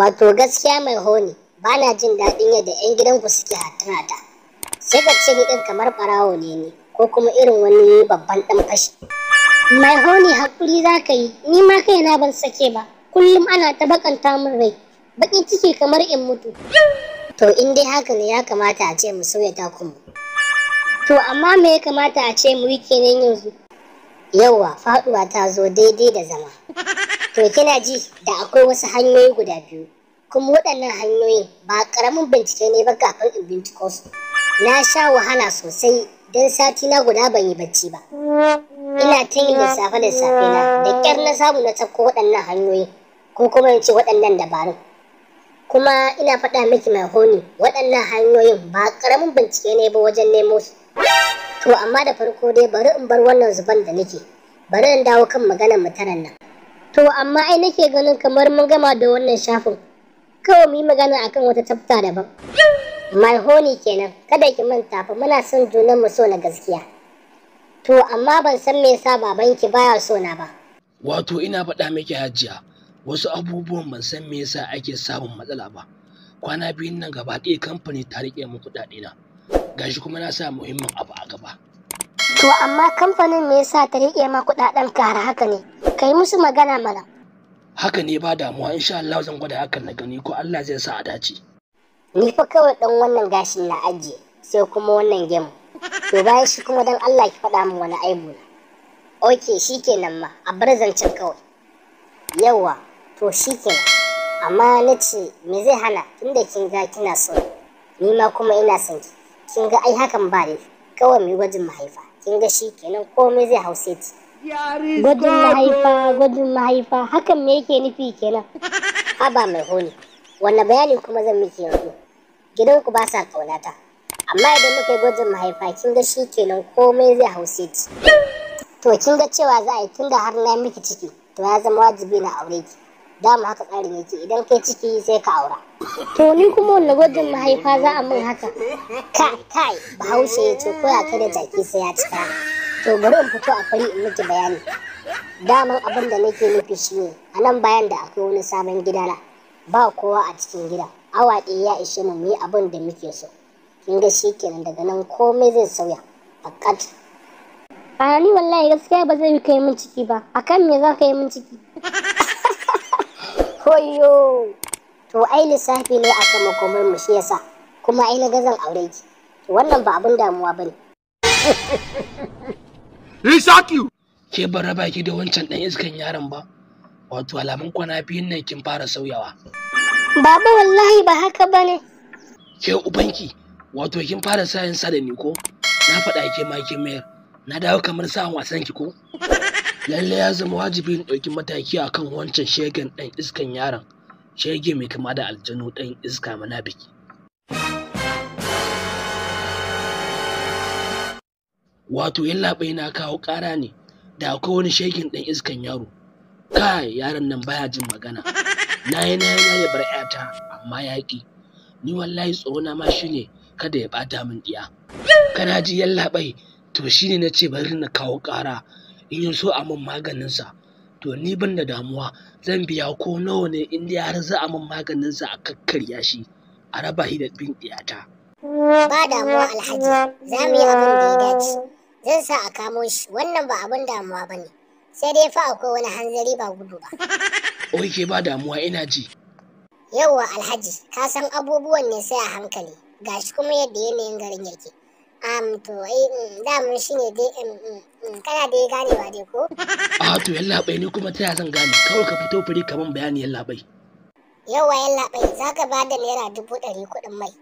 Wato gaskiya mai honi, ba na jin daɗin yadda 'yan gidanku suke hattara ta. Sai ka ce ni ɗin kamar ɓarawo ne ne ko kuma irin wani babban ɗan fashi. Mai honi hakuri za ka yi, ni ma kaina ban sake ba, kullum ana ta bakanta min rai, baƙin ciki kamar in mutu. To in dai haka ne ya kamata a ce mu sauya takunmu. To amma me ya kamata a ce mu yi kenan yanzu? Yauwa faɗuwa ta zo daidai da zama. To kana ji da akwai wasu hanyoyi guda biyu, kuma waɗannan hanyoyin ba ƙaramin bincike ne ba kafin in binciko su. Na sha wahala sosai don sati na guda ban yi bacci ba. Ina ta yin lissafe safe na da ƙyar na samu na tafko waɗannan hanyoyi ko kuma in ce waɗannan dabarun. Kuma ina faɗa miki mai honi waɗannan hanyoyin ba ƙaramin bincike ne ba wajen nemo su. To amma da farko dai bari in bar wannan zuban da nake. Bari in dawo kan maganar mutanen nan. To amma ai nake ganin kamar mun gama da wannan shafin. Kawai mu yi magana akan wata tafta daban. My honey kenan, kada ki manta fa muna son junan mu so na gaskiya. To amma ban san me yasa babanki baya so na ba. Wato ina faɗa miki hajiya, wasu abubuwan ban san me yasa ake samun matsala ba. Kwana biyun nan gaba ɗaya kamfani ta riƙe mu kuɗaɗe na. Gashi kuma na sa muhimmin abu a gaba. To amma kamfanin me yasa ta riƙe ma kuɗaɗen ka har haka ne? ka yi musu magana mana. Haka ne ba damuwa in sha Allah zan gwada hakan na gani ko Allah zai sa a dace. Ni fa kawai dan wannan gashin na ajiye sai kuma wannan gemu. To bayan shi kuma dan Allah ki faɗa min wani aibu na. Oke shikenan ma a bar zancen kawai. Yawa to shikenan. Amma na ce me zai hana tunda kin ga kina son ni ma kuma ina son ki. Kin ga ai hakan ba ne kawai mai gwajin mahaifa. Kin ga shi kenan komai zai hause ti. gudun mahaifa gwajin mahaifa hakan me yake nufi kenan haba mai honi, wanne bayanin kuma zan miki yanzu gidanku ba sa ƙaunata amma idan muka yi gwajin mahaifa kin ga shi kenan komai zai hau ki to kin ga cewa za a yi da har na miki ciki to ya zama wajibi na aure ki dama haka tsarin yake idan kai ciki sai ka aura to ni kuma wanne gwajin mahaifa za a min haka kai kai bahaushe ya ce koya kai da jaki sai ya cika to bari in fito a fari in miki bayani daman abin da nake nufi shi ne a nan bayan da akwai wani sabon gida na ba kowa a cikin gida awa ɗaya ya ishe mu muyi abin da muke so kin ga shi kenan daga nan komai zai sauya fakat a ni wallahi gaskiya ba zai kai min ciki ba akan me za ka yi min ciki koyo to ai lissafi ne a kan makomar mu shi yasa kuma ai na gazan aure ki wannan ba abin damuwa bane Isakiyu! Ke ban raba ki da wancan ɗan iskan yaron ba, wato alamun kwana biyun nan kin fara sauyawa. Baba wallahi ba haka ba ne. Ke ubanki, wato kin fara sayan sa da ni ko? Na faɗa ke ma ke mayar, na dawo kamar sa'an wasan ki ko? Lalle ya zama wajibi in ɗauki mataki akan wancan shegen ɗan iskan yaron, shege mai kama da aljanu ɗan iska mana biki. wato yallaɓai na kawo ƙara ne da akwai wani shekin ɗan iskan yaro kai yaron nan baya jin magana na yi na yi bar yata amma yaƙi ni wallahi tsona ma shine kada ya bata min ɗiya kana ji yallaɓai to shine na ce bari na kawo kara in yi so a min maganinsa to ni ban da damuwa zan biya ko nawa ne in da har za a min maganinsa a kakkarya shi a raba shi da bin ɗiyata. Ba damuwa alhaji za mu yi abin da ya dace. zan sa a kamo shi wannan ba abin damuwa ba ne sai dai fa akwai wani hanzari ba gudu ba. Oke ba damuwa ina ji. Yawwa Alhaji, ka san abubuwan ne sai a hankali, gashi kuma yadda yanayin garin yake. Am to ai mm, damun shi ne dai mm, mm, kana dai ganewa dai ko? A ah, to yallaɓai ni kuma ta zan gane kawai ka fito fure kaman bayani yallaɓai. Yawwa yallaɓai za ka ba da naira dubu ɗari kuɗin mai.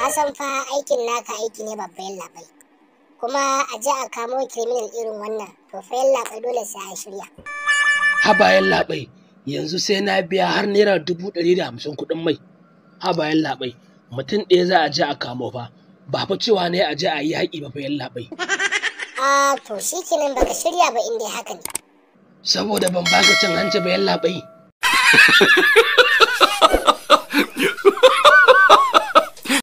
Ka san fa aikin naka aiki ne babba yallaɓai. kuma a ji a kamo kirimin irin wannan to fa labai dole sai a shirya habayen labai yanzu sai na biya har naira dubu ɗari da hamsin kuɗin mai habayen labai mutum ɗaya za a je a kamo fa ba fa cewa ne a ji a yi haƙi ba fa yalla bai a to shikenan baka shirya ba inda haka ne saboda ban baka cin hanci ba yan